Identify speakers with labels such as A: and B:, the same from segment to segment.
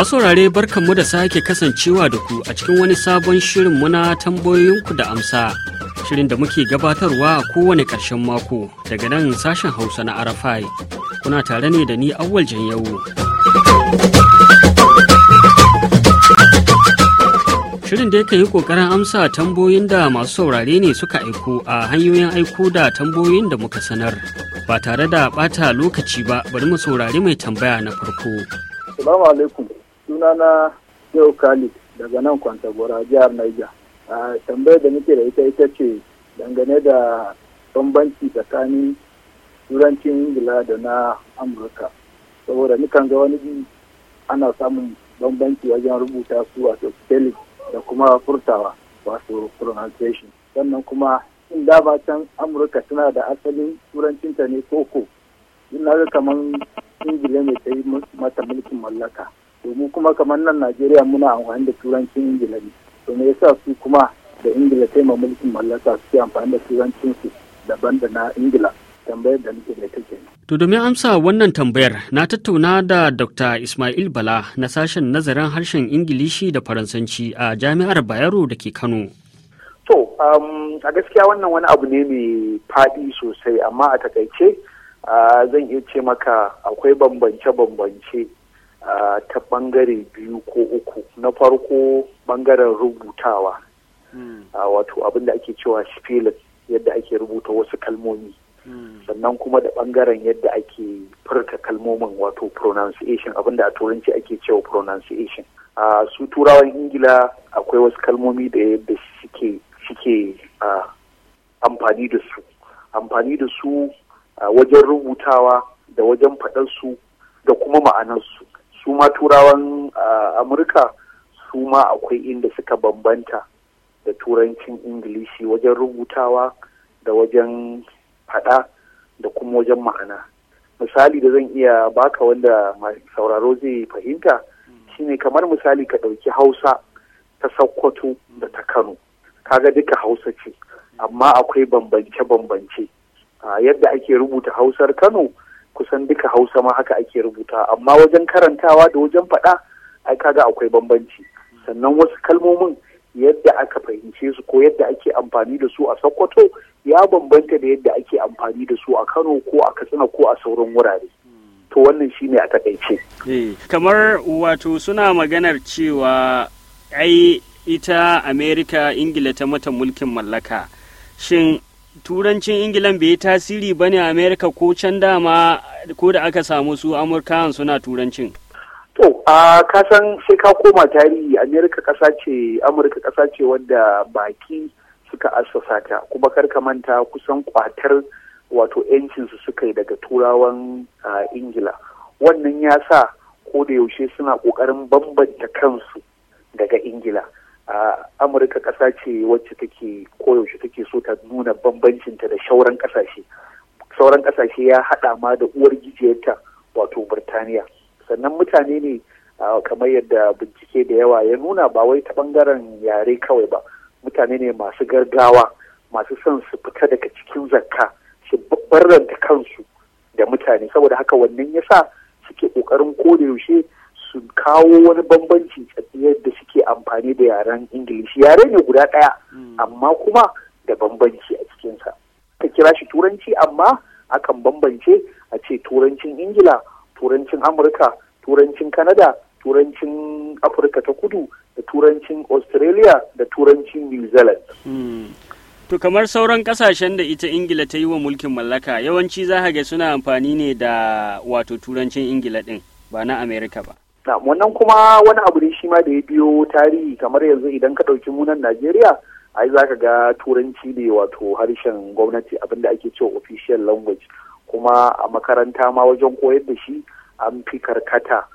A: Masaurare barkanmu da sake kasancewa da ku a cikin wani sabon shirin muna tambayoyinku da amsa. Shirin da muke gabatarwa a kowane ƙarshen mako daga nan sashen Hausa na Arafai. Kuna tare ne da ni Awwal Janyawo. Shirin da yake yi ƙoƙarin amsa tambayoyin da masu saurare ne suka aiko a hanyoyin aiko da tambayoyin da muka sanar. Ba tare da ɓata lokaci ba bari mu saurari mai tambaya na farko.
B: Salamu alaikum. sunana yau khalid daga nan kwantagora jihar niger a tambayar da nake da ita ita ce dangane da bambanci tsakanin turancin ingila da na amurka saboda nukan ga wani bi ana samun bambanci wajen rubuta su wato spelling da kuma furtawa wato pronunciation sannan kuma in dama can amurka tana da asalin turancinta ne koko ina ga kamar ingila mai ta yi mata mulkin mallaka domin kuma kamar nan najeriya muna amfani da turancin ingila ne to me yasa su kuma da ingila ta ma mulkin mallaka suke amfani da turancin su daban da na ingila tambayar da
C: nake da ita ke.
A: To domin amsa wannan tambayar na tattauna da Dr. Ismail Bala na sashen nazarin harshen Ingilishi da Faransanci a Jami'ar Bayero da ke Kano.
B: To, um, a gaskiya wannan wani abu ne mai faɗi sosai amma a takaice uh, zan iya ce maka akwai bambance-bambance ta bangare biyu ko uku na farko bangaren rubutawa hmm. wato abin da ake cewa spelling yadda ake rubuta wasu kalmomi hmm. sannan kuma da bangaren yadda ake furta kalmomin wato pronunciation abinda a turanci ake cewa pronunciation a su turawan ingila akwai wasu kalmomi da yadda suke suke amfani da su amfani da su wajen rubutawa da wajen su, da kuma ma'anarsu su ma turawan amurka su ma akwai inda suka bambanta da turancin ingilishi wajen rubutawa da wajen faɗa da kuma wajen ma'ana misali da zan iya baka wanda sauraro zai fahimta shine kamar misali ka ɗauki hausa ta sokoto da ta kano kaga duka hausa ce amma akwai bambance-bambance yadda ake rubuta hausar kano kusan duka hausa ma haka ake rubuta amma wajen karantawa da wajen faɗa ai kaga akwai bambanci sannan wasu kalmomin yadda aka fahimce su ko yadda ake amfani da su a sokoto ya bambanta da yadda ake amfani da su a kano ko a katsina ko a sauran wurare to wannan shine a takaice
A: eh, kamar wato suna maganar cewa ai ita amerika ingila ta mata mulkin mallaka shin turancin ingilan bai yi tasiri ba ne a amerika ko can dama ko da aka samu su amurkawan suna turancin to a
B: kasan sai ka koma tarihi amerika kasa ce amurka kasa ce wadda baki suka assasa ta kuma karka manta kusan kwatar wato su suka yi daga turawan ingila wannan ya sa ko da yaushe suna kokarin bambanta kansu daga ingila a amurka ƙasa ce wacce take koyaushe take so ta nuna bambancinta da shauran ƙasashe sauran ƙasashe ya haɗa ma da uwar gijiyarta wato birtaniya sannan mutane ne kamar yadda bincike da yawa ya nuna ba wai ta ɓangaren yare kawai ba mutane ne masu gargawa masu son su fita daga cikin zakka su barranta kansu da mutane saboda haka wannan yasa suke ƙoƙarin koda yaushe su kawo wani bambanci yadda suke amfani da yaren ingilishi yare ne guda ɗaya hmm. amma kuma da bambanci a cikinsa ta kira shi turanci amma akan bambance a ce turancin ingila turancin amurka turancin Kanada, turancin afirka ta kudu da turancin australia da turancin new zealand
A: hmm. To kamar sauran kasashen da ita Ingila ta yi wa mulkin mallaka yawanci za ga suna amfani ne da wato turancin Ingila ɗin ba na Amerika ba.
B: wannan kuma wani abu ne shi ma da ya biyo tarihi kamar yanzu idan ka ɗauki munan najeriya ai za ka ga turanci ne wato harshen gwamnati abinda ake cewa official language kuma a makaranta ma wajen koyar da shi an fi karkata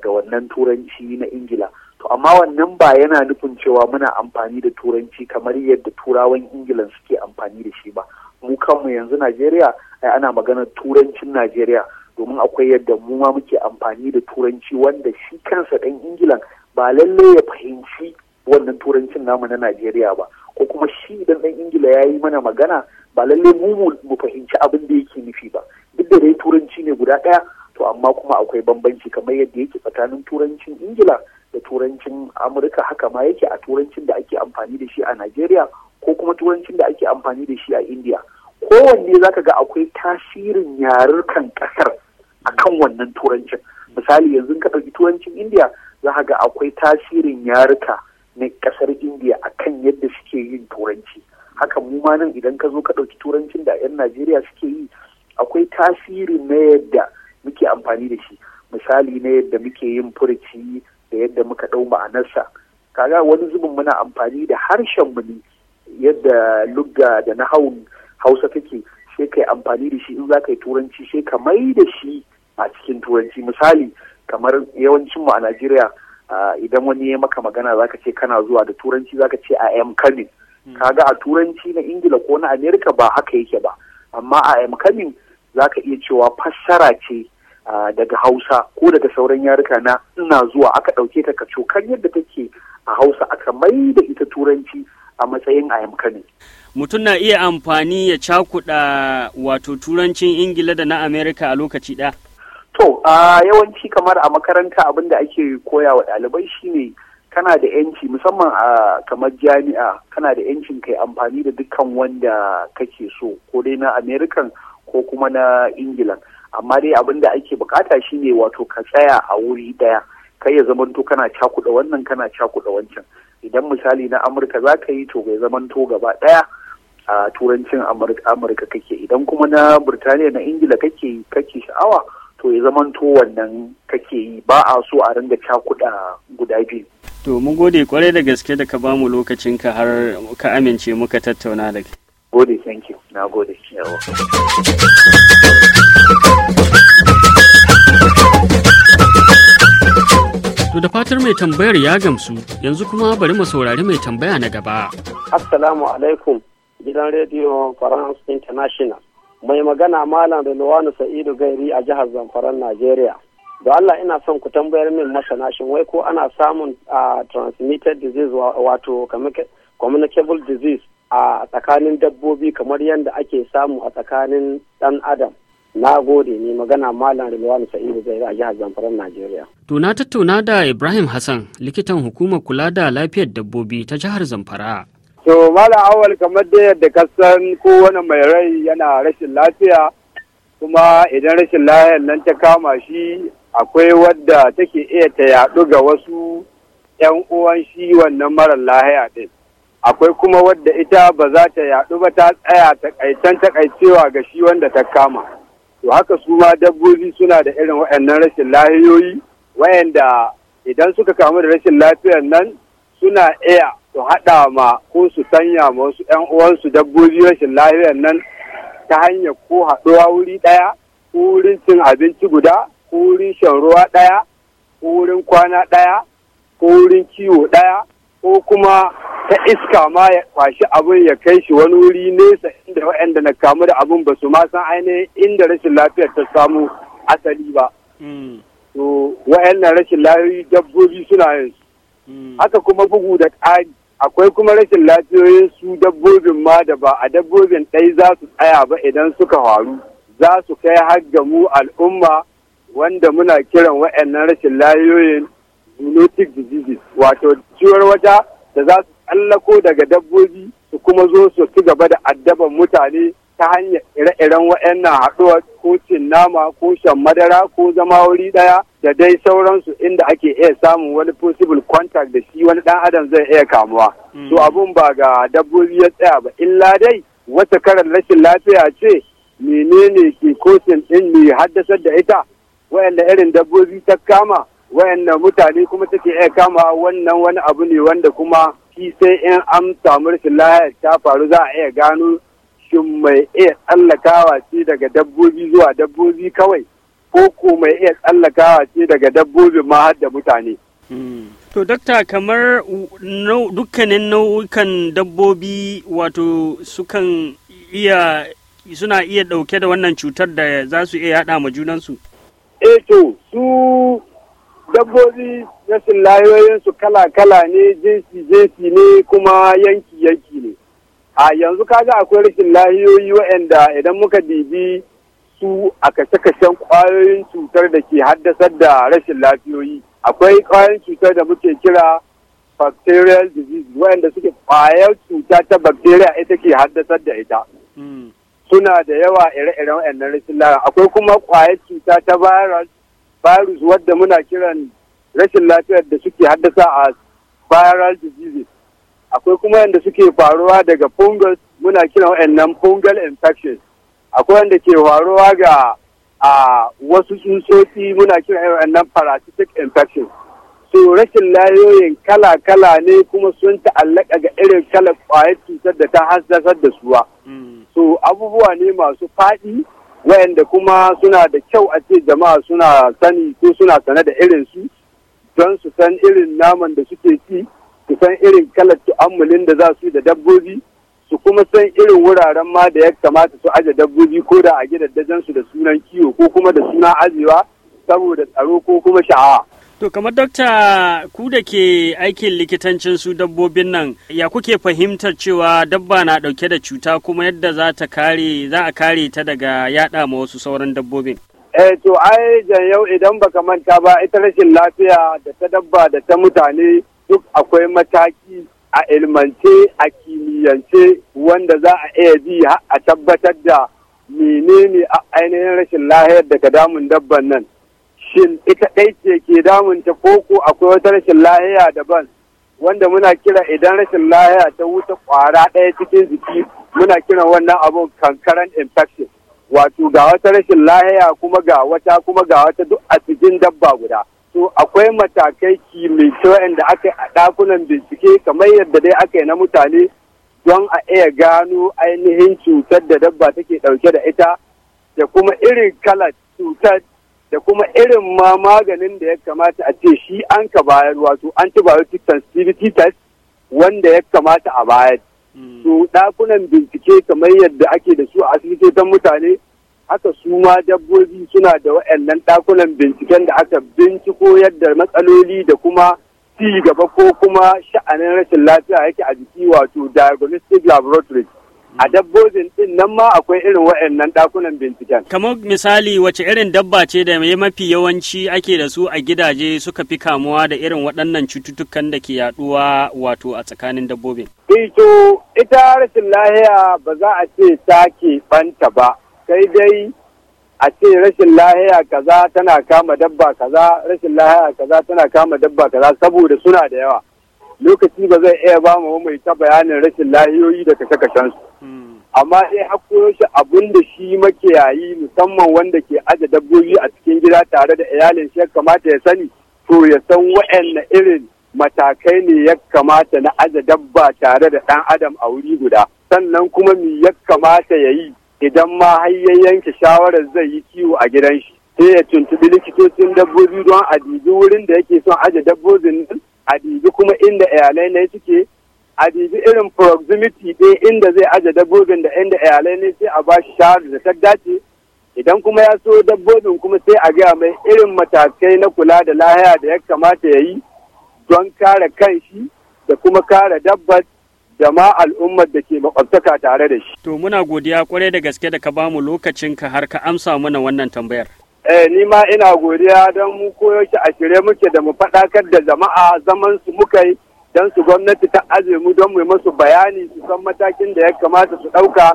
B: ga wannan turanci na ingila to amma wannan ba yana nufin cewa muna amfani da turanci kamar yadda turawan ingilan suke amfani da shi ba mu kanmu yanzu najeriya ai ana maganar turancin najeriya domin akwai yadda mu ma muke amfani da turanci wanda shi kansa ɗan ingilan ba lallai ya fahimci wannan turancin namu na najeriya ba ko kuma shi idan ɗan ingila ya yi mana magana ba lallai mu mu fahimci abin da yake nufi ba duk da dai turanci ne guda ɗaya to amma kuma akwai bambanci kamar yadda yake tsakanin turancin ingila da turancin amurka haka ma yake a turancin da ake amfani da shi a najeriya ko kuma turancin da ake amfani da shi a indiya kowanne zaka ga akwai tasirin yarurkan kasar kan wannan turancin misali yanzu ka ɗauki turancin indiya za ka ga akwai tasirin yaruka na ƙasar indiya akan yadda suke yin turanci haka mu ma nan idan ka zo ka ɗauki turancin da 'yan najeriya suke yi akwai tasiri na yadda muke amfani da shi misali na yadda muke yin furici da yadda muka ɗau ma'anarsa kaga wani zubin muna amfani da harshen mu ne yadda lugga da na hausa take sai kai amfani da shi in za ka yi turanci sai ka mai da shi a cikin turanci misali kamar yawancin mu a Najeriya idan wani ya maka magana zaka ce kana zuwa da turanci zaka ce I am coming hmm. kaga a turanci na Ingila ko na Amerika ba haka yake ba amma I am coming zaka iya cewa fassara ce daga Hausa ko daga sauran yaruka na ina zuwa aka ɗauke ta ka cokan yadda take a Hausa aka mai da ita turanci a matsayin
A: I am coming mutum na iya amfani ya cakuɗa wato turancin Ingila da na Amerika a lokaci ɗaya To, a yawanci kamar a makaranta abin da ake
B: koya wa ɗalibai shine kana da yanci musamman a kamar jami'a kana da yancin kai amfani da dukkan wanda kake so ko dai na Amerikan ko kuma na Ingilan. Amma dai abin da ake bukata shine wato ka tsaya a wuri daya kai ya zamanto kana cakuɗa wannan kana cakuɗa wancan idan misali na amurka za ka yi to bai zamanto gaba ɗaya a turancin amurka kake idan kuma na burtaniya na ingila kake kake sha'awa to ya to wannan kake yi ba a so a ringa cakuɗa guda biyu.
A: To mun gode kwarai da gaske da ka ba mu lokacin ka har ka amince muka tattauna da kai.
B: Gode thank you. Na gode. Yawa.
A: To da fatar mai tambayar ya gamsu yanzu kuma bari mu saurari mai tambaya na gaba. Assalamu
B: alaikum gidan rediyo France International. mai magana malam Rilwanu Sa'idu Gairi a jihar Zamfara Najeriya. Da Allah ina son ku tambayar min masana shin wai ko ana samun a transmitted disease wato communicable disease a tsakanin dabbobi kamar yadda ake samu a tsakanin dan adam. Na gode ne magana Malam Rilwanu Sa'idu gairi a jihar Zamfara Najeriya.
A: To na tattauna da Ibrahim Hassan likitan hukumar kula da lafiyar dabbobi ta jihar Zamfara. To
D: mala awal kamar da yadda ka san kowane mai rai yana rashin lafiya kuma idan rashin lafiyar nan ta kama shi akwai wadda take iya ta yaɗu ga wasu 'yan uwan shi wannan marar lahiya ɗin. Akwai kuma wadda ita ba za ta yaɗu ba ta tsaya takaitan takaicewa ga shi wanda ta kama. To haka su ma dabbobi suna da irin waɗannan rashin lahiyoyi wayanda idan suka kamu da rashin lafiyar nan suna iya su haɗa ma ko su sanya ma wasu 'yan uwansu dabbobi rashin lafiyar nan ta hanyar ko haɗuwa wuri ɗaya ko wurin cin abinci guda ko wurin shan ruwa ɗaya ko wurin kwana ɗaya ko wurin kiwo ɗaya ko kuma ta iska ma ya kwashi abin ya kai shi wani wuri nesa inda waɗanda na kamu da abin ba su ma san ainihin inda rashin lafiyar ta samu asali ba. Mm. To waɗannan rashin lafiyar dabbobi suna yin mm. Haka kuma bugu da ƙari akwai kuma rashin lafiyoyin su dabbobin ma da ba a dabbobin ɗai za su tsaya ba idan suka faru za su kai har mu al'umma wanda muna kiran wa'annan rashin lafiyoyin zoonotic diseases wato ciwar wata da za su tsallako daga dabbobi su kuma zo su ci gaba da addaban mutane ta hanyar ire-iren wa'annan haɗuwa ko cin nama ko shan madara ko zama wuri ɗaya da dai sauransu inda ake iya samun wani possible contact da shi wani dan adam zai iya kamuwa to hmm. abun ba ga dabbobi ya tsaya ba illa dai wata karar rashin lafiya ce menene ke kocin din mai haddasar da ita wayanda irin dabbobi ta kama wayanda mutane kuma take iya kama wannan wani abu ne wanda kuma shi sai in an samu rashin lafiya ta faru za a iya gano shin mai iya tsallakawa ce daga dabbobi zuwa dabbobi kawai koko mai iya tsallakawa ce daga dabbobin ma har da mutane.
A: Hmm. To dokta kamar dukkanin nau'ukan dabbobi wato sukan iya suna iya ɗauke da wannan cutar da za su iya yaɗa ma junansu?
D: Eh to su dabbobi rashin layoyinsu kala-kala ne jinsi-jinsi ne kuma yanki-yanki ne. A yanzu kaga akwai rashin lahiyoyi waɗanda idan muka dibi su a kashe-kashen kwayoyin cutar da ke haddasar da rashin lafiyoyi akwai kwayoyin cutar da muke kira bacterial disease wanda suke kwayar cuta ta bacteria ita ke haddasar da ita hmm. suna da yawa ire-iren wayannan rashin lafiya akwai kuma kwayar cuta ta virus virus wadda muna kiran rashin lafiyar da suke haddasa a viral diseases akwai kuma yadda suke faruwa daga fungus muna kiran nan fungal infections akwai wanda ke faruwa ga a wasu tsutsotsi muna kira nan parasitic infection so rashin layoyin kala-kala ne kuma sun ta'allaka ga irin kalar kwayar cutar da ta haddasar da suwa hmm. so abubuwa ne masu faɗi wayanda kuma suna da kyau a ce jama'a suna sani ko suna sane da irin su don su san irin naman da suke ci su san irin kalar tu'ammulin da za su da dabbobi su kuma san irin wuraren ma da ya kamata su aje dabbobi ko da a gidajen su da sunan kiwo ko kuma da suna ajewa saboda tsaro ko kuma sha'awa.
A: To kamar dokta ku da ke aikin likitancin su dabbobin nan ya kuke fahimtar cewa dabba na dauke da cuta kuma yadda za ta kare za a kare ta daga yada ma wasu sauran dabbobin.
D: Eh to ai yau idan baka manta ba ita rashin lafiya da ta dabba da ta mutane duk akwai mataki a ilmance a kimiyyance wanda za a iya bi a tabbatar da menene a ainihin rashin lahiyar daga damun dabban nan shin ita ɗai ce ke damunta ko ko akwai wata rashin lahiya daban wanda muna kira idan rashin lahiya ta wuce kwara ɗaya cikin jiki muna kiran wannan abun kankaran infection wato ga wata rashin lahiya kuma ga wata kuma ga wata duk a cikin dabba guda to akwai matakai kyau da aka yi a ɗakunan bincike kamar yadda dai aka yi na mutane don a iya gano ainihin cutar da dabba take ɗauke da ita da kuma irin kalar cutar da kuma irin ma maganin da ya kamata a ce shi an ka bayar wato antibiotic sensitivity test wanda ya kamata a bayar. Hmm. To ɗakunan bincike kamar yadda ake da su a asibitocin mutane haka su ma dabbobi suna da waɗannan ɗakunan binciken da aka binciko yadda matsaloli da kuma ci gaba ko kuma sha'anin rashin lafiya yake a jiki wato diagnostic laboratory a dabbobin din nan ma akwai irin waɗannan ɗakunan binciken. Kamar
A: misali wace irin dabba ce da mai mafi yawanci ake da su a gidaje suka fi kamuwa da irin waɗannan cututtukan da ke yaɗuwa wato a tsakanin dabbobin. Eh ita
D: rashin lahiya ba za a ce ta ke banta ba kai dai a ce rashin lahiya kaza tana kama dabba kaza rashin lahiya kaza tana kama dabba kaza saboda suna da yawa lokaci ba zai iya ba mu mai ta bayanin rashin lahiyoyi da kashe kashen su hmm. amma sai hakko shi abin da shi makiyayi musamman wanda ke aje dabbobi a cikin gida tare da iyalin shi ya kamata ya sani to ya san wa'anne irin matakai ne ya kamata na aje dabba tare da ɗan adam a wuri guda sannan kuma me ya kamata ya yi idan ma hayyan yanke shawarar zai yi kiwo a gidan shi sai ya tuntubi likitocin dabbobi don a dubi wurin da yake son aje dabbobin nan a dubi kuma inda iyalai ne suke a dubi irin proximity din inda zai aje dabbobin da inda iyalai ne sai a ba shi shawarar da ta dace idan kuma ya so dabbobin kuma sai a gaya mai irin matakai na kula da lahiya da ya kamata ya yi don kare kanshi da kuma kare dabbar da ma al'ummar da ke makwabtaka tare da shi.
A: To muna godiya kwarai da gaske da ka bamu lokacinka har ka amsa mana wannan tambayar.
D: Eh, ni ma ina godiya don mu koyaushe a shirye muke da mu faɗakar da jama'a zaman su muka yi don su gwamnati ta aje mu don mu masu bayani su san matakin da ya kamata su ɗauka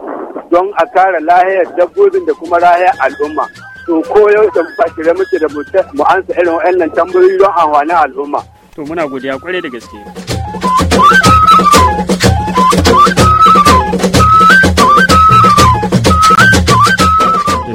D: don a kare lahiyar dabbobin da kuma lahiyar al'umma. To koyaushe mu shirye muke da mu ansa irin wa'annan tambayoyi don amfanin al'umma.
A: To muna godiya kwarai da gaske.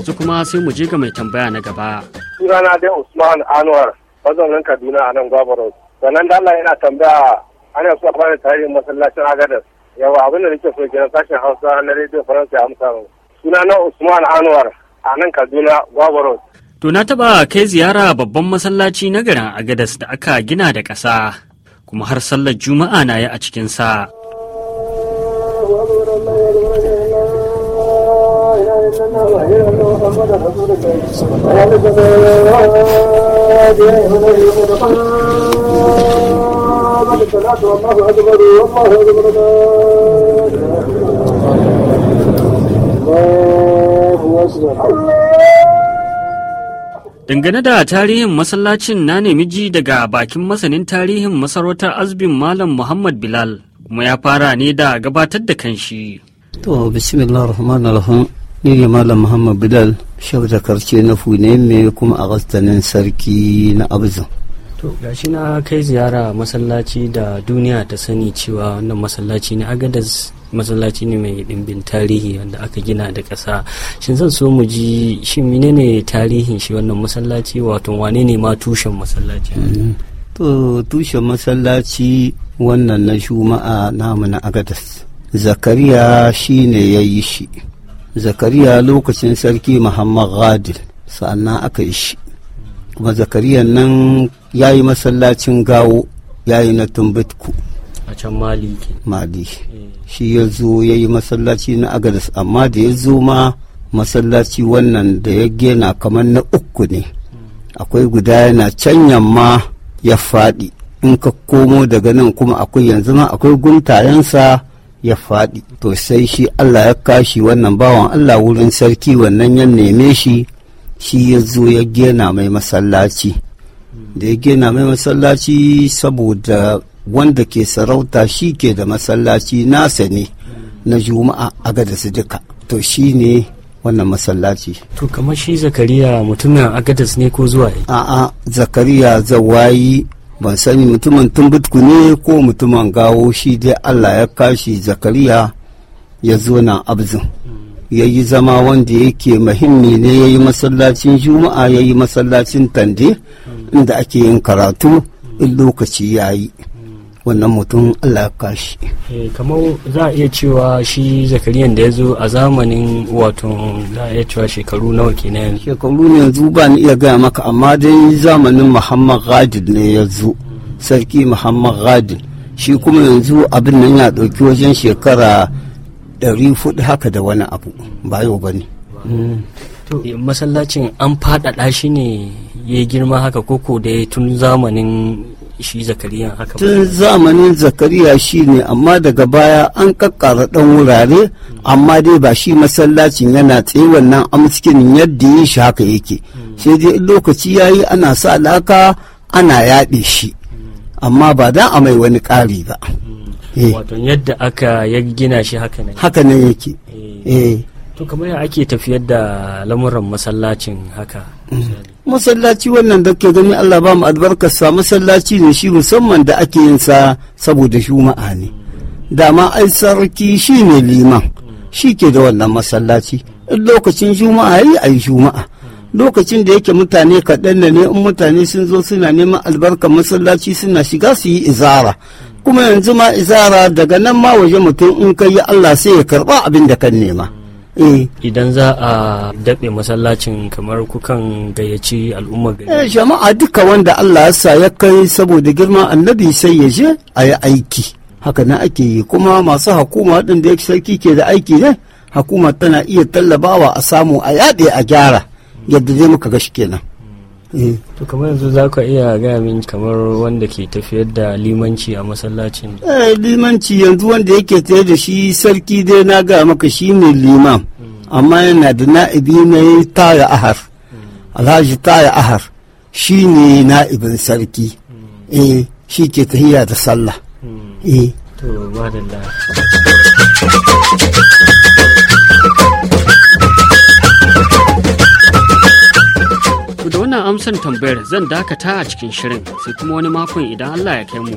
A: yanzu kuma sai mu je ga mai tambaya na gaba.
D: Sunana dai Usman Anwar mazaunin Kaduna a nan Gwabaro. Sannan da Allah yana tambaya ana so a fara tarihin masallacin Agadas. Yawa abinda da nake so kenan sashen Hausa na Radio Faransa ya amsa min. Sunana Usman Anwar a nan Kaduna
A: Gwabaro. To na taɓa kai ziyara babban masallaci na garin Agadas da aka gina da ƙasa kuma har sallar Juma'a na yi a cikinsa. sa. Dangane da tarihin masallacin na nemi daga bakin masanin tarihin masarautar azbin Malam Muhammad Bilal kuma ya fara ne da gabatar da kanshi.
C: To, bismillah rahman rahim. ni ne malam muhammad bilal shauta karce na funeme kuma a gastanin sarki na abuzin
A: to gashi na kai ziyara masallaci da duniya ta sani cewa wannan masallaci ne agadas masallaci ne mai ɗimbin tarihi wanda aka gina da ƙasa shin zan so mu ji shin menene tarihin shi wannan masallaci wato wane ne ma tushen masallaci mm. to
C: tushen masallaci wannan na shuma'a namu na agadas zakariya shi ne ya yi shi zakariya lokacin sarki muhammad ghadil sa'annan aka yi shi kuma zakariya nan ya yi masallacin gawo ya yi na tumbitku a can mali mali eh. shi ya zo ya yi masallaci na agaris amma da ya zo ma masallaci wannan da ya gena kamar na uku ne akwai guda yana can yamma ya faɗi in ka komo daga nan kuma akwai yanzu ma akwai guntayensa ya faɗi to sai shi Allah ya kashi wannan bawan Allah wurin sarki wannan ya neme shi shi ya zo ya gina mai masallaci da ya gina mai masallaci saboda wanda ke sarauta shi ke da masallaci nasa ne na juma'a a gada su duka to shi ne wannan masallaci
A: to kamar shi zakariya mutumin agadas ne ko zuwa
C: a'a zakariya zawayi ban sani mutumin tumbutku ne ko mutumin gawo shi dai allah ya kashi zakariya ya zo na abzin ya yi zama wanda yake mahimmi ne ya yi masallacin juma'a ya yi masallacin tande inda ake yin karatu in lokaci ya yi wannan mutum Allah ya shi.
A: Eh, kamar za a iya cewa shi zakariyan da ya zo a zamanin wato za a iya cewa shekaru nawa kenan
C: shekaru ne yanzu ba ni iya gaya maka amma dai zamanin muhammad ghadil ne ya zo sarki muhammad ghadil shi kuma yanzu abin nan ya ɗauki wajen shekara ɗari fudu haka da wani abu ba yau ba ne hmm.
A: eh, masallacin an faɗaɗa shi ne ya girma haka koko da tun zamanin shi zakariya haka tun zamanin zakariya shi
C: ne amma daga baya an kakkara dan wurare amma dai ba shi masallacin yana tsaye wannan amskinin yadda yin shi haka yake sai dai lokaci ya yi ana sa laka ana yaɗe shi amma ba dan a mai wani ƙari ba
A: wato yadda aka ya gina shi haka ne haka ne
C: yake eh, eh.
A: to kamar ya ake tafiyar da lamuran masallacin haka masallaci wannan da ke gani Allah ba mu albarkarsa masallaci ne shi
C: musamman da ake yin sa saboda ma'a ne dama ai sarki shi ne liman shi ke da wannan masallaci lokacin juma'a yi a juma'a lokacin da yake mutane kaɗan da ne in mutane sun zo suna neman albarkar masallaci suna shiga su yi izara kuma yanzu ma izara daga nan ma waje mutum in ka yi allah sai ya karɓa abin da kan nema
A: Eh. idan za a daɓe masallacin kamar kukan gayyaci al'ummar gari.
C: Eh, jama'a duka wanda Allah ya sa ya kai saboda girma annabi sai ya je a yi aiki haka na ake yi kuma masu hakuma ɗin da sarki ke da aiki ne hakuma tana iya tallabawa a samu a yaɗe a gyara yadda zai muka gashi kenan.
A: Eh. to kamar yanzu za ka iya gaya min kamar wanda ke tafiyar da limanci a masallacin
C: eh limanci yanzu wanda yake tafiyar da shi sarki dai na ga maka shi ne liman hmm. amma yana da na'ibi na yi taya ahar hmm. alhaji taya ahar shi ne na'ibin sarki hmm. eh shi ke tahiya da sallah
A: eh to amsan tambayar zan dakata a cikin shirin sai kuma wani makon idan Allah ya kai mu.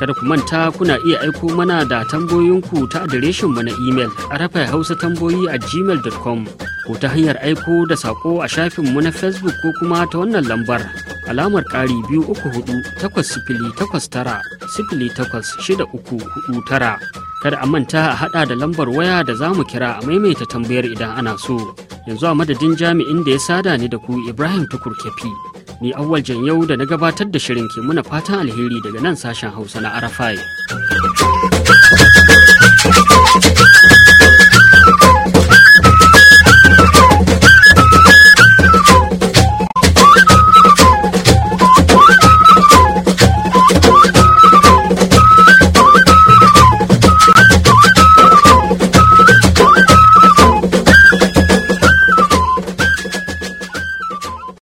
A: Kada ku manta kuna iya aiko mana da tambayoyinku ta adireshin mu na imel a hausa tambayi a gmail.com ko ta hanyar aiko da sako a shafinmu na Facebook ko kuma ta wannan lambar alamar ƙari biyu uku hudu takwas sifili takwas tara sifili takwas shida uku hudu tara. Kada a manta a haɗa da lambar waya da za mu kira a maimaita tambayar idan ana so. yanzu a madadin jami'in da ya sada ni da ku ibrahim tukur kefi ni awwal yau da na gabatar da shirin ke muna fatan alheri daga nan sashen hausa na arafai